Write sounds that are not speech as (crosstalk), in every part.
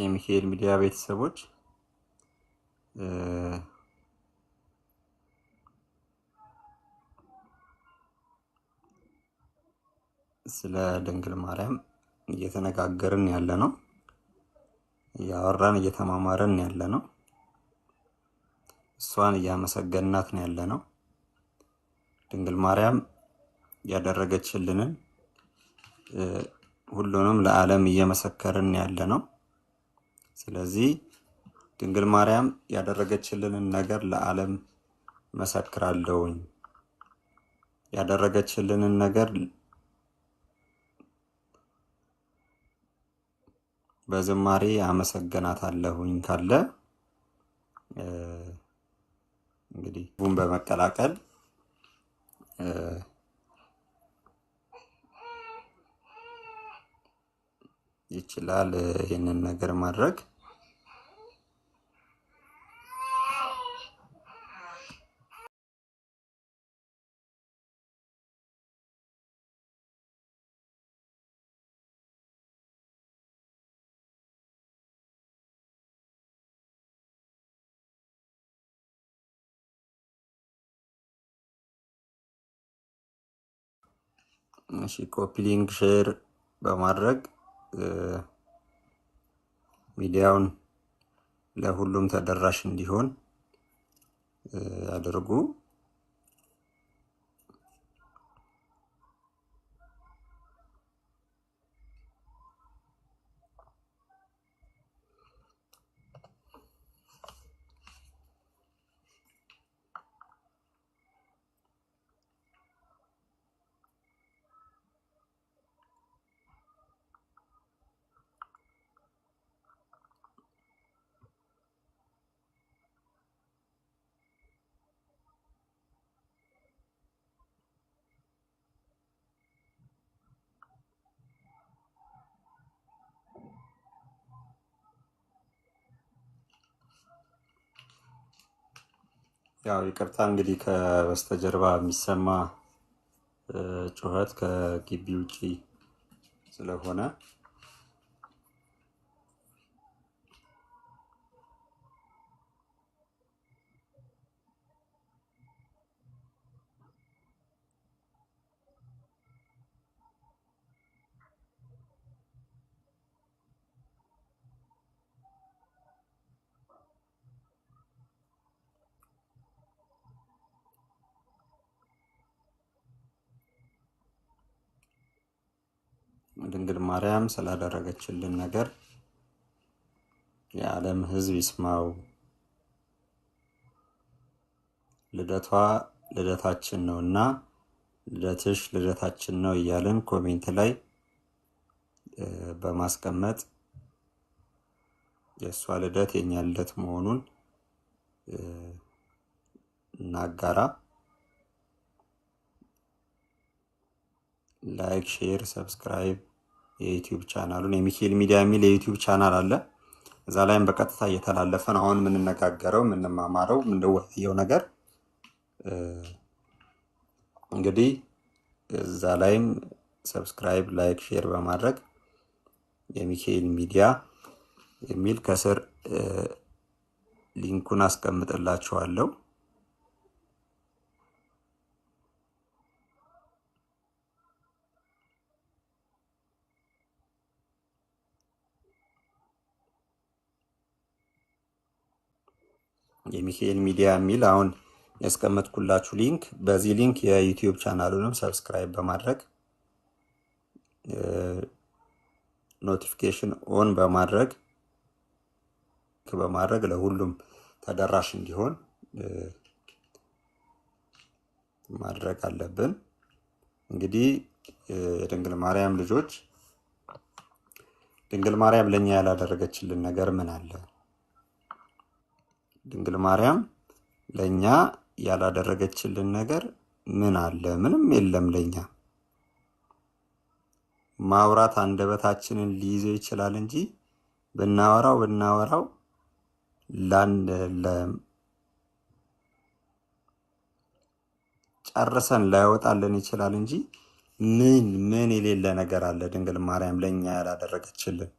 የሚካኤል ሚዲያ ቤተሰቦች ስለ ድንግል ማርያም እየተነጋገርን ያለ ነው፣ እያወራን እየተማማረን ያለ ነው፣ እሷን እያመሰገናት ነው ያለ ነው። ድንግል ማርያም ያደረገችልንን ሁሉንም ለዓለም እየመሰከርን ያለ ነው። ስለዚህ ድንግል ማርያም ያደረገችልንን ነገር ለዓለም መሰክራለውኝ ያደረገችልንን ነገር በዝማሬ አለሁኝ ካለ እንግዲህ ቡን በመቀላቀል ይችላል ይህንን ነገር ማድረግ። እሺ ኮፒ ሊንክ ሼር በማድረግ ሚዲያውን ለሁሉም ተደራሽ እንዲሆን አድርጉ። ያው ይቅርታ እንግዲህ ከበስተጀርባ የሚሰማ ጩኸት ከግቢ ውጪ ስለሆነ ድንግል ማርያም ስላደረገችልን ነገር የዓለም ሕዝብ ይስማው። ልደቷ ልደታችን ነው እና ልደትሽ ልደታችን ነው እያልን ኮሜንት ላይ በማስቀመጥ የእሷ ልደት የኛ ልደት መሆኑን እናጋራ። ላይክ፣ ሼር፣ ሰብስክራይብ የዩቲዩብ ቻናሉን የሚካኤል ሚዲያ የሚል የዩቲዩብ ቻናል አለ። እዛ ላይም በቀጥታ እየተላለፈ ነው። አሁን የምንነጋገረው የምንማማረው የምንወያየው ነገር እንግዲህ እዛ ላይም ሰብስክራይብ፣ ላይክ፣ ሼር በማድረግ የሚካኤል ሚዲያ የሚል ከስር ሊንኩን አስቀምጥላችኋለሁ። ሚካኤል ሚዲያ የሚል አሁን ያስቀመጥኩላችሁ ሊንክ፣ በዚህ ሊንክ የዩቲዩብ ቻናሉንም ሰብስክራይብ በማድረግ ኖቲፊኬሽን ኦን በማድረግ በማድረግ ለሁሉም ተደራሽ እንዲሆን ማድረግ አለብን። እንግዲህ የድንግል ማርያም ልጆች ድንግል ማርያም ለእኛ ያላደረገችልን ነገር ምን አለ? ድንግል ማርያም ለእኛ ያላደረገችልን ነገር ምን አለ? ምንም የለም። ለእኛ ማውራት አንደበታችንን ሊይዘው ይችላል እንጂ ብናወራው ብናወራው ጨርሰን ላይወጣልን ይችላል እንጂ ምን ምን የሌለ ነገር አለ ድንግል ማርያም ለእኛ ያላደረገችልን?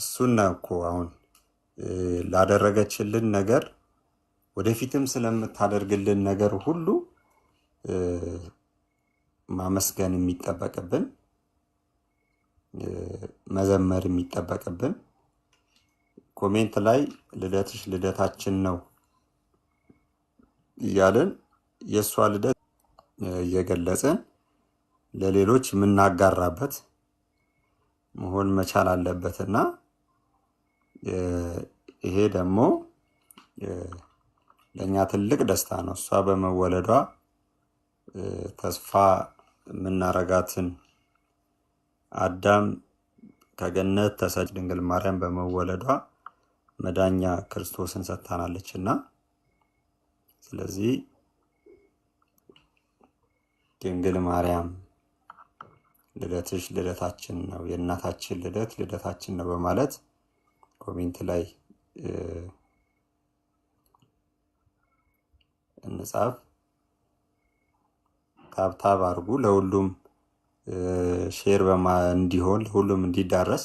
እሱን ነው እኮ አሁን ላደረገችልን ነገር ወደፊትም ስለምታደርግልን ነገር ሁሉ ማመስገን የሚጠበቅብን መዘመር የሚጠበቅብን ኮሜንት ላይ ልደትሽ ልደታችን ነው እያልን የእሷ ልደት እየገለጽን ለሌሎች የምናጋራበት መሆን መቻል አለበትና ይሄ ደግሞ ለእኛ ትልቅ ደስታ ነው። እሷ በመወለዷ ተስፋ የምናረጋትን አዳም ከገነት ተሰጭ ድንግል ማርያም በመወለዷ መዳኛ ክርስቶስን ሰጥታናለች እና ስለዚህ ድንግል ማርያም ልደትሽ ልደታችን ነው፣ የእናታችን ልደት ልደታችን ነው በማለት ኮሜንት ላይ እንጻፍ። ታብታብ አድርጉ ለሁሉም ሼር በማ እንዲሆን ለሁሉም እንዲዳረስ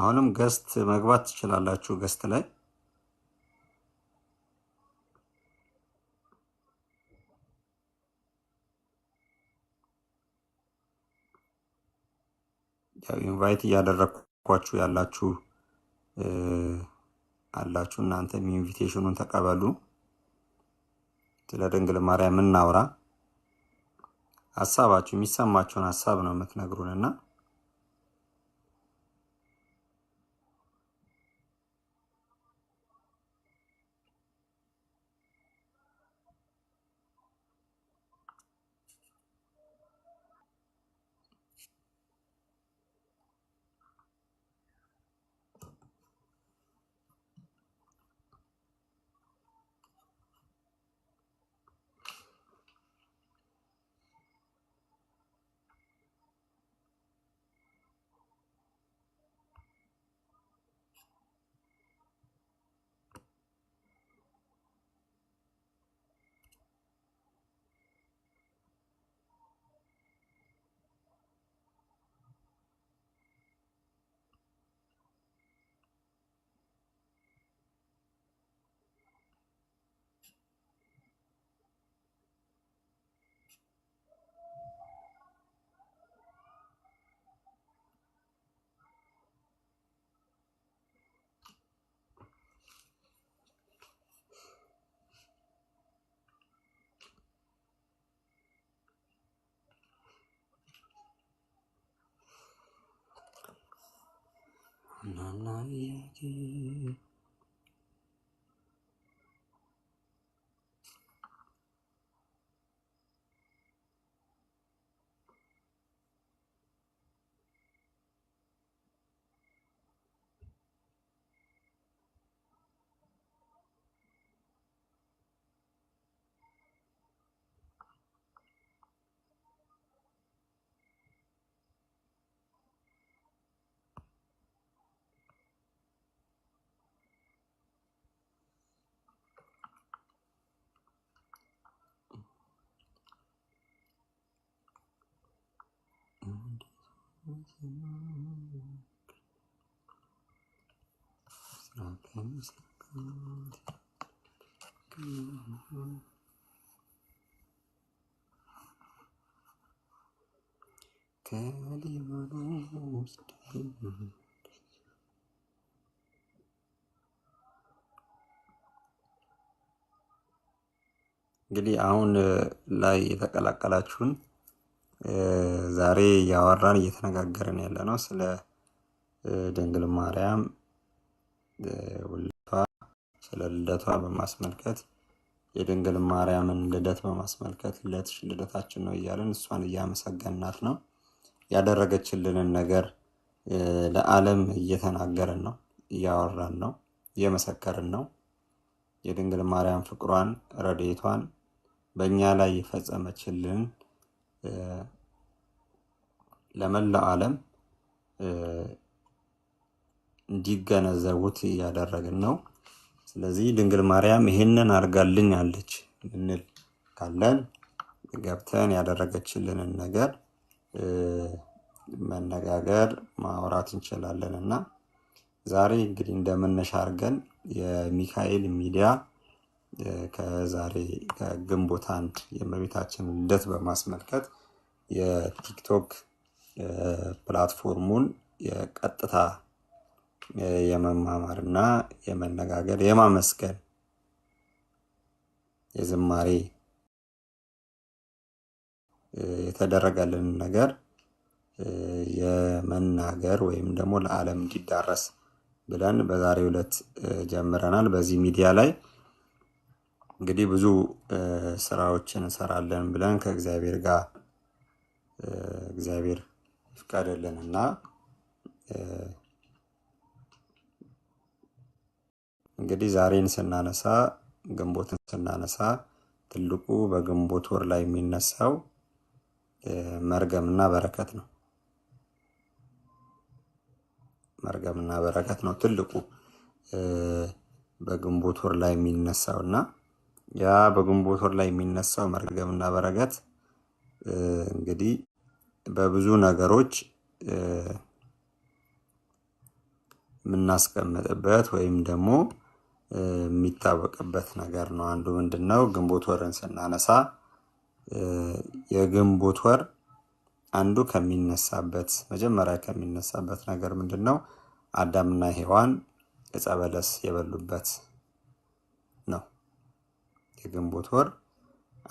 አሁንም ገስት መግባት ትችላላችሁ። ገስት ላይ ያው ኢንቫይት እያደረግኳችሁ ያላችሁ አላችሁ። እናንተም ኢንቪቴሽኑን ተቀበሉ። ስለ ድንግል ማርያም እናውራ። ሀሳባችሁ የሚሰማችሁን ሀሳብ ነው የምትነግሩን እና 那一句。እንግዲህ አሁን ላይ የተቀላቀላችሁን ዛሬ እያወራን እየተነጋገርን ነው ስለ ድንግል ማርያም ውልደቷ ስለ ልደቷ በማስመልከት የድንግል ማርያምን ልደት በማስመልከት ልደትሽ ልደታችን ነው እያለን እሷን እያመሰገናት ነው። ያደረገችልንን ነገር ለዓለም እየተናገርን ነው፣ እያወራን ነው፣ እየመሰከርን ነው። የድንግል ማርያም ፍቅሯን፣ ረዴቷን በእኛ ላይ የፈጸመችልን ለመላ ዓለም እንዲገነዘቡት እያደረግን ነው። ስለዚህ ድንግል ማርያም ይሄንን አድርጋልኛለች ምንል ካለን ገብተን ያደረገችልንን ነገር መነጋገር ማውራት እንችላለን እና ዛሬ እንግዲህ እንደመነሻ አድርገን የሚካኤል ሚዲያ ከዛሬ ግንቦት አንድ የእመቤታችን ልደት በማስመልከት የቲክቶክ ፕላትፎርሙን የቀጥታ የመማማር እና የመነጋገር የማመስገን የዝማሬ የተደረገልን ነገር የመናገር ወይም ደግሞ ለዓለም እንዲዳረስ ብለን በዛሬ ሁለት ጀምረናል። በዚህ ሚዲያ ላይ እንግዲህ ብዙ ስራዎችን እንሰራለን ብለን ከእግዚአብሔር ጋር እግዚአብሔር ይፍቀድልን እና እንግዲህ ዛሬን ስናነሳ ግንቦትን ስናነሳ ትልቁ በግንቦት ወር ላይ የሚነሳው መርገምና በረከት ነው። መርገምና በረከት ነው ትልቁ በግንቦት ወር ላይ የሚነሳው እና ያ በግንቦት ወር ላይ የሚነሳው መርገምና በረከት እንግዲህ በብዙ ነገሮች የምናስቀምጥበት ወይም ደግሞ የሚታወቅበት ነገር ነው። አንዱ ምንድን ነው? ግንቦት ወርን ስናነሳ የግንቦት ወር አንዱ ከሚነሳበት መጀመሪያ ከሚነሳበት ነገር ምንድን ነው? አዳምና ሔዋን እጸበለስ የበሉበት የግንቦት ወር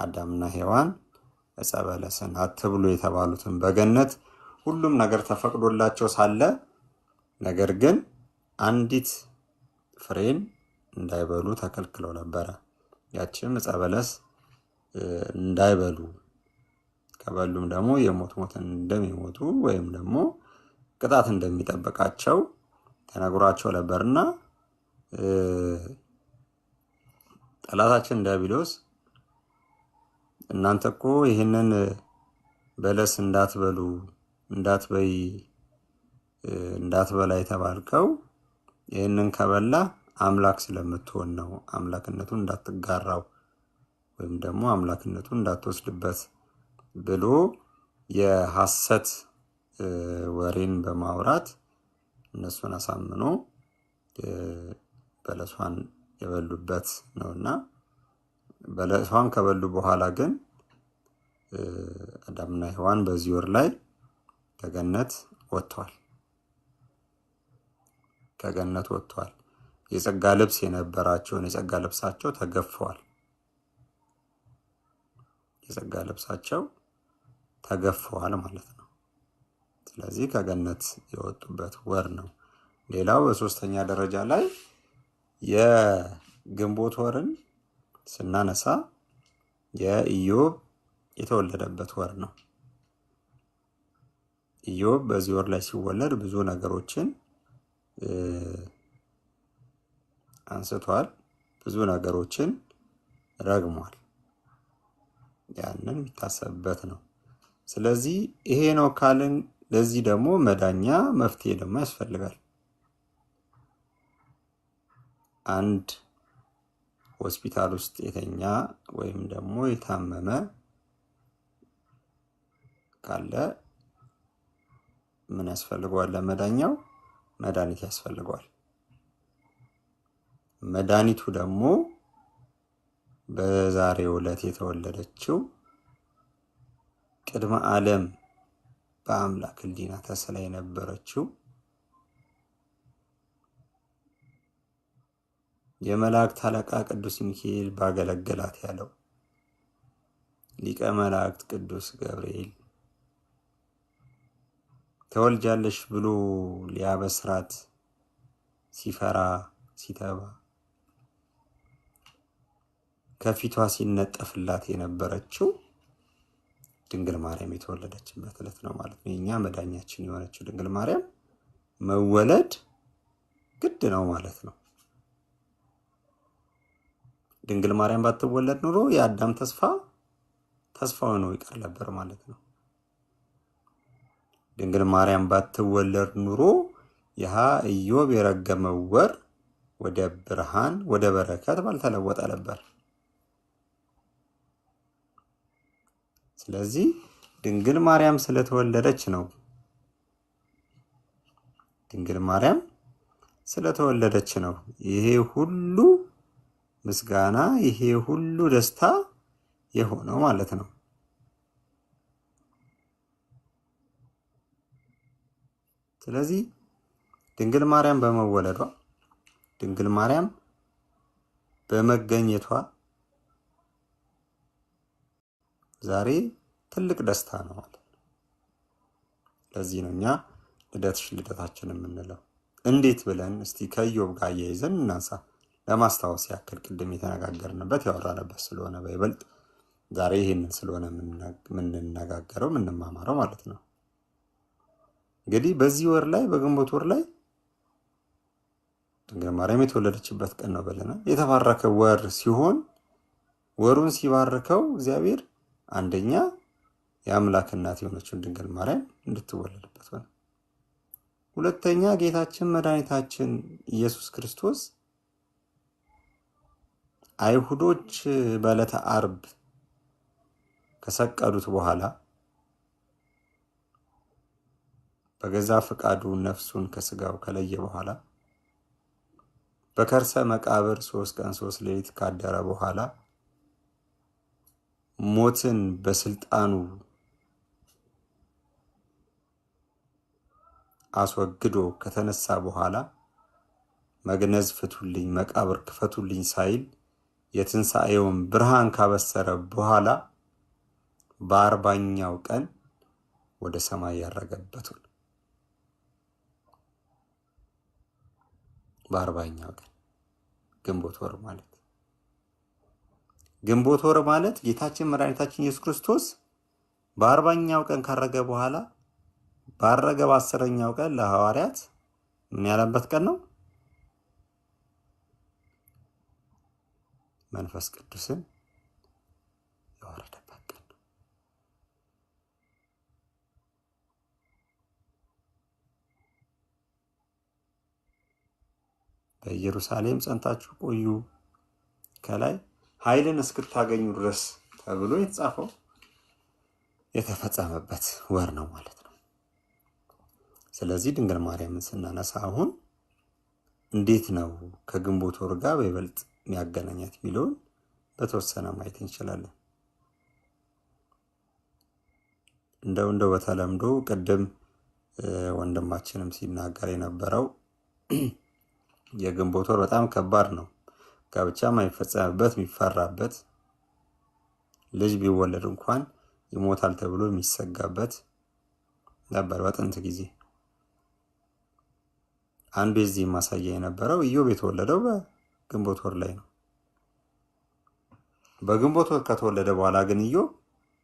አዳምና ሔዋን ዕፀ በለስን አትብሉ የተባሉትን በገነት ሁሉም ነገር ተፈቅዶላቸው ሳለ ነገር ግን አንዲት ፍሬን እንዳይበሉ ተከልክለው ነበረ። ያችም ዕፀ በለስ እንዳይበሉ ከበሉም ደግሞ የሞት ሞትን እንደሚሞቱ ወይም ደግሞ ቅጣት እንደሚጠብቃቸው ተነግሯቸው ነበርና ጠላታችን ዲያብሎስ እናንተ እኮ ይህንን በለስ እንዳትበሉ እንዳትበይ እንዳትበላ የተባልከው ይህንን ከበላ አምላክ ስለምትሆን ነው። አምላክነቱን እንዳትጋራው ወይም ደግሞ አምላክነቱን እንዳትወስድበት ብሎ የሐሰት ወሬን በማውራት እነሱን አሳምኖ በለሷን የበሉበት ነውና በለሷን ከበሉ በኋላ ግን አዳምና ሔዋን በዚህ ወር ላይ ከገነት ወጥተዋል። ከገነት ወጥተዋል። የጸጋ ልብስ የነበራቸውን የጸጋ ልብሳቸው ተገፈዋል። የጸጋ ልብሳቸው ተገፈዋል ማለት ነው። ስለዚህ ከገነት የወጡበት ወር ነው። ሌላው በሶስተኛ ደረጃ ላይ የግንቦት ወርን ስናነሳ የኢዮብ የተወለደበት ወር ነው። ኢዮብ በዚህ ወር ላይ ሲወለድ ብዙ ነገሮችን አንስቷል፣ ብዙ ነገሮችን ረግሟል። ያንን የሚታሰብበት ነው። ስለዚህ ይሄ ነው ካልን ለዚህ ደግሞ መዳኛ መፍትሄ ደግሞ ያስፈልጋል። አንድ ሆስፒታል ውስጥ የተኛ ወይም ደግሞ የታመመ ካለ ምን ያስፈልገዋል? ለመዳኛው መድኃኒት ያስፈልገዋል። መድኃኒቱ ደግሞ በዛሬ ዕለት የተወለደችው ቅድመ ዓለም በአምላክ ሕሊና ተስላ የነበረችው የመላእክት አለቃ ቅዱስ ሚካኤል ባገለገላት ያለው ሊቀ መላእክት ቅዱስ ገብርኤል ተወልጃለሽ ብሎ ሊያበስራት ሲፈራ ሲተባ ከፊቷ ሲነጠፍላት የነበረችው ድንግል ማርያም የተወለደችበት ዕለት ነው ማለት ነው። የእኛ መዳኛችን የሆነችው ድንግል ማርያም መወለድ ግድ ነው ማለት ነው። ድንግል ማርያም ባትወለድ ኑሮ የአዳም ተስፋ ተስፋው ነው ይቀር ነበር ማለት ነው። ድንግል ማርያም ባትወለድ ኑሮ ይሃ ኢዮብ የረገመው ወር ወደ ብርሃን ወደ በረከት ባልተለወጠ ነበር። ስለዚህ ድንግል ማርያም ስለተወለደች ነው። ድንግል ማርያም ስለተወለደች ነው ይሄ ሁሉ ምስጋና ይሄ ሁሉ ደስታ የሆነው ማለት ነው። ስለዚህ ድንግል ማርያም በመወለዷ ድንግል ማርያም በመገኘቷ ዛሬ ትልቅ ደስታ ነው ማለት ነው። ለዚህ ነው እኛ ልደትሽ ልደታችን የምንለው። እንዴት ብለን እስቲ ከኢዮብ ጋር አያይዘን እናንሳ። ለማስታወስ ያክል ቅድም የተነጋገርንበት ያወራንበት ስለሆነ በይበልጥ ዛሬ ይህንን ስለሆነ የምንነጋገረው የምንማማረው ማለት ነው። እንግዲህ በዚህ ወር ላይ በግንቦት ወር ላይ ድንግል ማርያም የተወለደችበት ቀን ነው ብለናል። የተባረከ ወር ሲሆን ወሩን ሲባርከው እግዚአብሔር አንደኛ የአምላክ እናት የሆነችውን ድንግል ማርያም እንድትወለድበት ሆነ። ሁለተኛ ጌታችን መድኃኒታችን ኢየሱስ ክርስቶስ አይሁዶች በዕለተ አርብ ከሰቀሉት በኋላ በገዛ ፈቃዱ ነፍሱን ከስጋው ከለየ በኋላ በከርሰ መቃብር ሶስት ቀን ሶስት ሌሊት ካደረ በኋላ ሞትን በስልጣኑ አስወግዶ ከተነሳ በኋላ መግነዝ ፍቱልኝ፣ መቃብር ክፈቱልኝ ሳይል የትንሣኤውን ብርሃን ካበሰረ በኋላ በአርባኛው ቀን ወደ ሰማይ ያረገበቱን በአርባኛው ቀን ግንቦት ወር ማለት ግንቦት ወር ማለት ጌታችን መድኃኒታችን ኢየሱስ ክርስቶስ በአርባኛው ቀን ካረገ በኋላ ባረገ በአስረኛው ቀን ለሐዋርያት ምን ያለበት ቀን ነው? መንፈስ ቅዱስን የወረደበት ቀን ነው። በኢየሩሳሌም ጸንታችሁ ቆዩ ከላይ ኃይልን እስክታገኙ ድረስ ተብሎ የተጻፈው የተፈጸመበት ወር ነው ማለት ነው። ስለዚህ ድንግል ማርያምን ስናነሳ አሁን እንዴት ነው ከግንቦት ወር ጋር በይበልጥ የሚያገናኛት የሚለውን በተወሰነ ማየት እንችላለን። እንደው እንደው በተለምዶ ቅድም ወንድማችንም ሲናገር የነበረው (clears throat) የግንቦት ወር በጣም ከባድ ነው። ጋብቻ የማይፈጸምበት የሚፈራበት፣ ልጅ ቢወለድ እንኳን ይሞታል ተብሎ የሚሰጋበት ነበር በጥንት ጊዜ። አንዱ የዚህ ማሳያ የነበረው ኢዮብ የተወለደው ግንቦት ወር ላይ ነው። በግንቦት ወር ከተወለደ በኋላ ግን ኢዮብ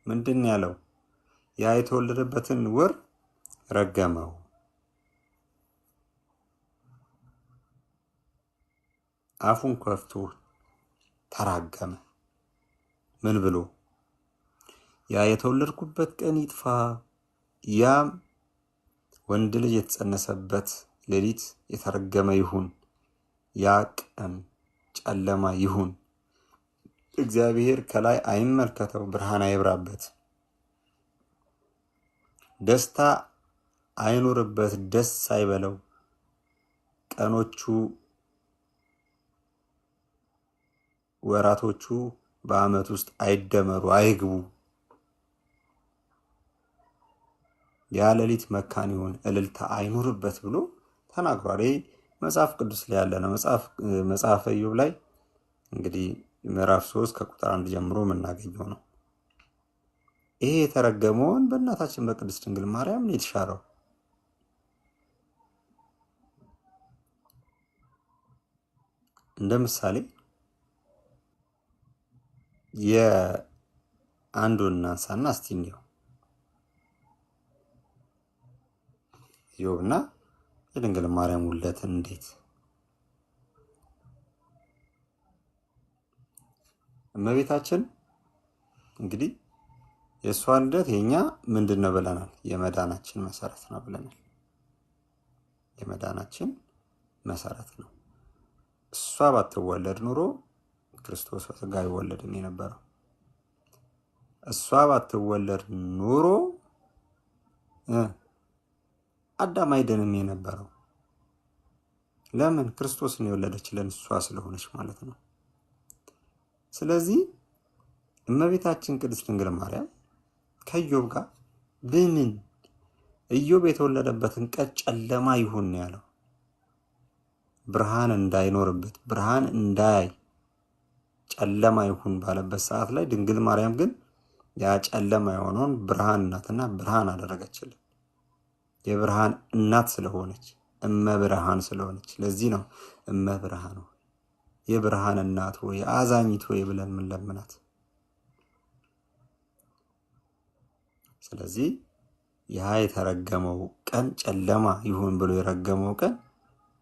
ምንድን ያለው ያ የተወለደበትን ወር ረገመው። አፉን ከፍቶ ተራገመ። ምን ብሎ ያ የተወለድኩበት ቀን ይጥፋ፣ ያም ወንድ ልጅ የተጸነሰበት ሌሊት የተረገመ ይሁን ያ ቀን ጨለማ ይሁን። እግዚአብሔር ከላይ አይመልከተው፣ ብርሃን አይብራበት። ደስታ አይኑርበት፣ ደስ አይበለው። ቀኖቹ ወራቶቹ በዓመት ውስጥ አይደመሩ፣ አይግቡ። ያ ሌሊት መካን ይሁን፣ እልልታ አይኑርበት ብሎ ተናግሯል። መጽሐፍ ቅዱስ ላይ ያለ ነው። መጽሐፈ ኢዮብ ላይ እንግዲህ ምዕራፍ ሶስት ከቁጥር አንድ ጀምሮ የምናገኘው ነው። ይሄ የተረገመውን በእናታችን በቅድስት ድንግል ማርያም ነው የተሻረው። እንደ ምሳሌ የአንዱን እናንሳና እስቲ እንየው ዮብና የድንግል ማርያም ውልደት እንዴት እመቤታችን እንግዲህ የእሷ ልደት የእኛ ምንድን ነው ብለናል? የመዳናችን መሰረት ነው ብለናል። የመዳናችን መሰረት ነው። እሷ ባትወለድ ኑሮ ክርስቶስ በስጋ አይወለድም የነበረው። እሷ ባትወለድ ኑሮ አዳም አይደንም የነበረው። ለምን? ክርስቶስን የወለደችልን እሷ ስለሆነች ማለት ነው። ስለዚህ እመቤታችን ቅድስት ድንግል ማርያም ከኢዮብ ጋር ብምን ኢዮብ የተወለደበትን ቀን ጨለማ ይሁን ያለው። ብርሃን እንዳይኖርበት ብርሃን እንዳያይ ጨለማ ይሁን ባለበት ሰዓት ላይ ድንግል ማርያም ግን ያ ጨለማ የሆነውን ብርሃን ናትና ብርሃን አደረገችልን። የብርሃን እናት ስለሆነች እመብርሃን ስለሆነች ለዚህ ነው እመብርሃን ሆይ የብርሃን እናት ሆይ አዛኝት ሆይ ብለን ምንለምናት። ስለዚህ ያ የተረገመው ቀን ጨለማ ይሁን ብሎ የረገመው ቀን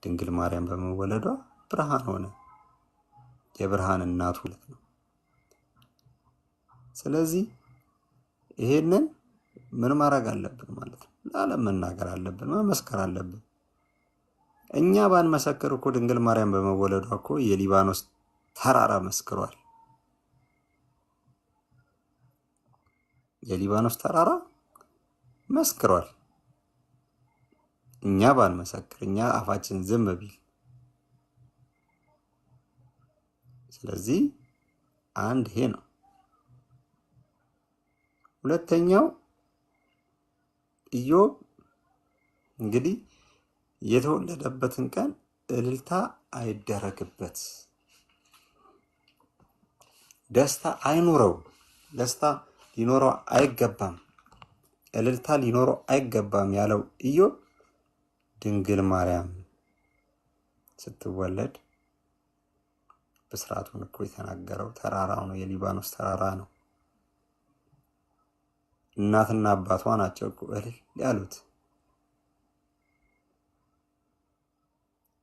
ድንግል ማርያም በመወለዷ ብርሃን ሆነ። የብርሃን እናት ሁለት ነው። ስለዚህ ይሄንን ምን ማድረግ አለብን ማለት ነው? ለዓለም መናገር አለብን፣ መመስከር አለብን። እኛ ባንመሰክር እኮ ድንግል ማርያም በመወለዷ እኮ የሊባኖስ ተራራ መስክሯል። የሊባኖስ ተራራ መስክሯል። እኛ ባንመሰክር፣ እኛ አፋችን ዝም ቢል ስለዚህ አንድ ይሄ ነው። ሁለተኛው ኢዮብ እንግዲህ የተወለደበትን ቀን እልልታ አይደረግበት፣ ደስታ አይኑረው፣ ደስታ ሊኖረው አይገባም፣ እልልታ ሊኖረው አይገባም ያለው ኢዮብ ድንግል ማርያም ስትወለድ ብስራቱን እኮ የተናገረው ተራራው ነው፣ የሊባኖስ ተራራ ነው። እናትና አባቷ ናቸው እኮ እልል ያሉት።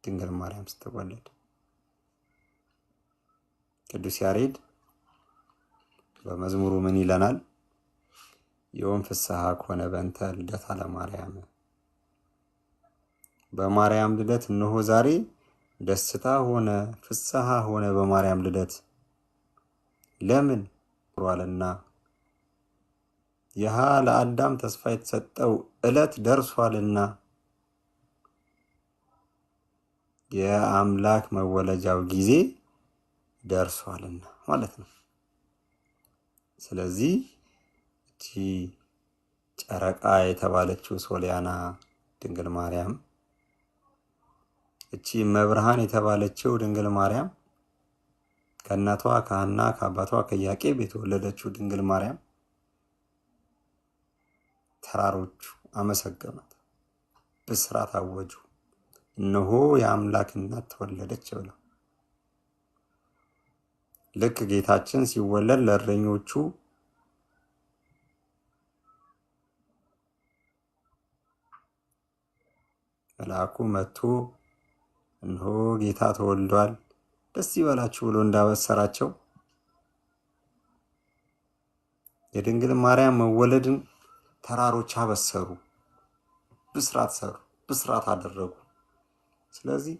ድንግል ማርያም ስትወለድ ቅዱስ ያሬድ በመዝሙሩ ምን ይለናል? የወን ፍስሐ ኮነ በእንተ ልደታ ለማርያም በማርያም ልደት እነሆ ዛሬ ደስታ ሆነ ፍስሐ ሆነ በማርያም ልደት ለምን ሯልና ይሃ ለአዳም ተስፋ የተሰጠው ዕለት ደርሷልና የአምላክ መወለጃው ጊዜ ደርሷልና ማለት ነው። ስለዚህ እቺ ጨረቃ የተባለችው ሶሊያና ድንግል ማርያም፣ እቺ መብርሃን የተባለችው ድንግል ማርያም ከእናቷ ከሐና ከአባቷ ከያቄብ የተወለደችው ድንግል ማርያም ተራሮቹ አመሰገኗት፣ ብስራት አወጁ። እነሆ የአምላክ እናት ተወለደች ብለው ልክ ጌታችን ሲወለድ ለእረኞቹ መልአኩ መጥቶ እነሆ ጌታ ተወልዷል ደስ ይበላችሁ ብሎ እንዳበሰራቸው የድንግል ማርያም መወለድን ተራሮች አበሰሩ፣ ብስራት ሰሩ፣ ብስራት አደረጉ። ስለዚህ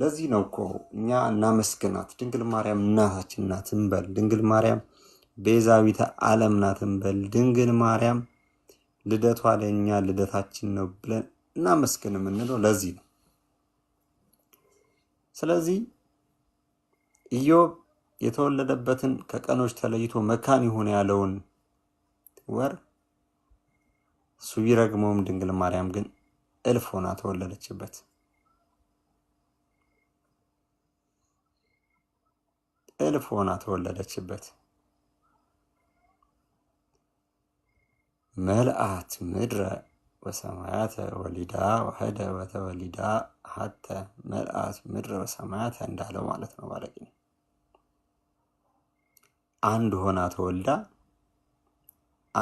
ለዚህ ነው እኮ እኛ እናመስግናት፣ ድንግል ማርያም እናታችን ናት እንበል፣ ድንግል ማርያም ቤዛዊተ ዓለም ናት እንበል፣ ድንግል ማርያም ልደቷ ለእኛ ልደታችን ነው ብለን እናመስግን የምንለው ለዚህ ነው። ስለዚህ ኢዮብ የተወለደበትን ከቀኖች ተለይቶ መካን ይሆነ ያለውን ወር እሱ ቢረግመውም ድንግል ማርያም ግን እልፍ ሆና ተወለደችበት። እልፍ ሆና ተወለደችበት። መልአት ምድረ በሰማያተ ወሊዳ ወህደ በተወሊዳ ሀተ መልአት ምድረ በሰማያተ እንዳለው ማለት ነው። ባለቂ አንድ ሆና ተወልዳ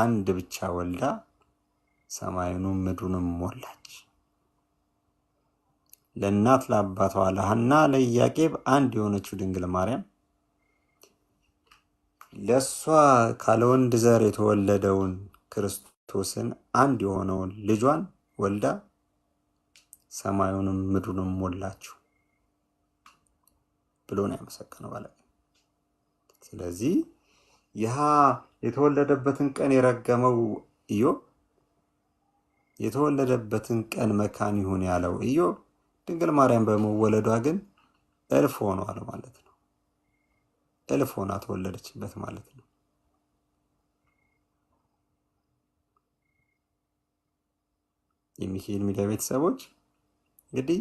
አንድ ብቻ ወልዳ ሰማዩንም ምድሩንም ሞላች። ለእናት ለአባቷ ለሐና ለኢያቄም አንድ የሆነችው ድንግል ማርያም ለእሷ ካለወንድ ዘር የተወለደውን ክርስቶስን አንድ የሆነውን ልጇን ወልዳ ሰማዩንም ምድሩንም ሞላችሁ ብሎ ነው ያመሰገነው ባለ። ስለዚህ ይህ የተወለደበትን ቀን የረገመው ኢዮብ የተወለደበትን ቀን መካን ይሁን ያለው ኢዮብ ድንግል ማርያም በመወለዷ ግን እልፍ ሆኗል ማለት ነው። እልፍ ሆና ተወለደችበት ማለት ነው። የሚካኤል ሚዲያ ቤተሰቦች እንግዲህ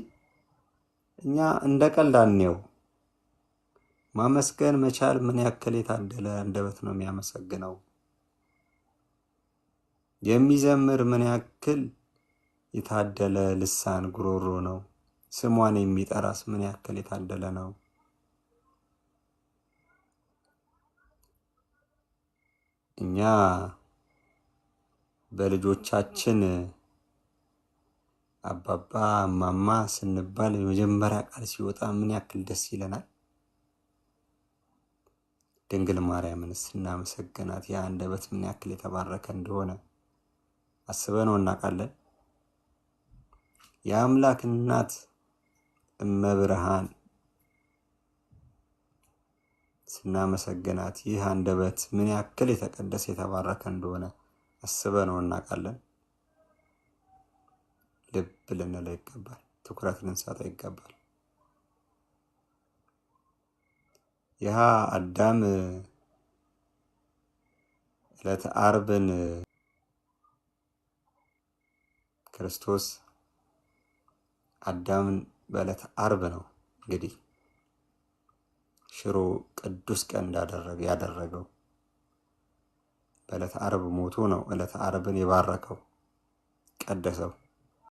እኛ እንደ ቀልዳኔው ማመስገን መቻል ምን ያክል የታደለ አንደበት ነው የሚያመሰግነው። የሚዘምር ምን ያክል የታደለ ልሳን ጉሮሮ ነው። ስሟን የሚጠራስ ምን ያክል የታደለ ነው። እኛ በልጆቻችን አባባ ማማ ስንባል የመጀመሪያ ቃል ሲወጣ ምን ያክል ደስ ይለናል። ድንግል ማርያምን ስናመሰግናት ያ ምን ያክል የተባረከ እንደሆነ አስበነው እናውቃለን። የአምላክ እናት እመብርሃን ስናመሰግናት ይህ አንደበት ምን ያክል የተቀደሰ የተባረከ እንደሆነ አስበነው እናውቃለን። ልብ ልንለው ይገባል። ትኩረት ልንሰጠው ይገባል። ይህ አዳም ዕለተ አርብን። ክርስቶስ አዳምን በዕለት አርብ ነው እንግዲህ ሽሮ ቅዱስ ቀን እንዳደረገ ያደረገው በዕለት አርብ ሞቶ ነው። ዕለት አርብን የባረከው ቀደሰው።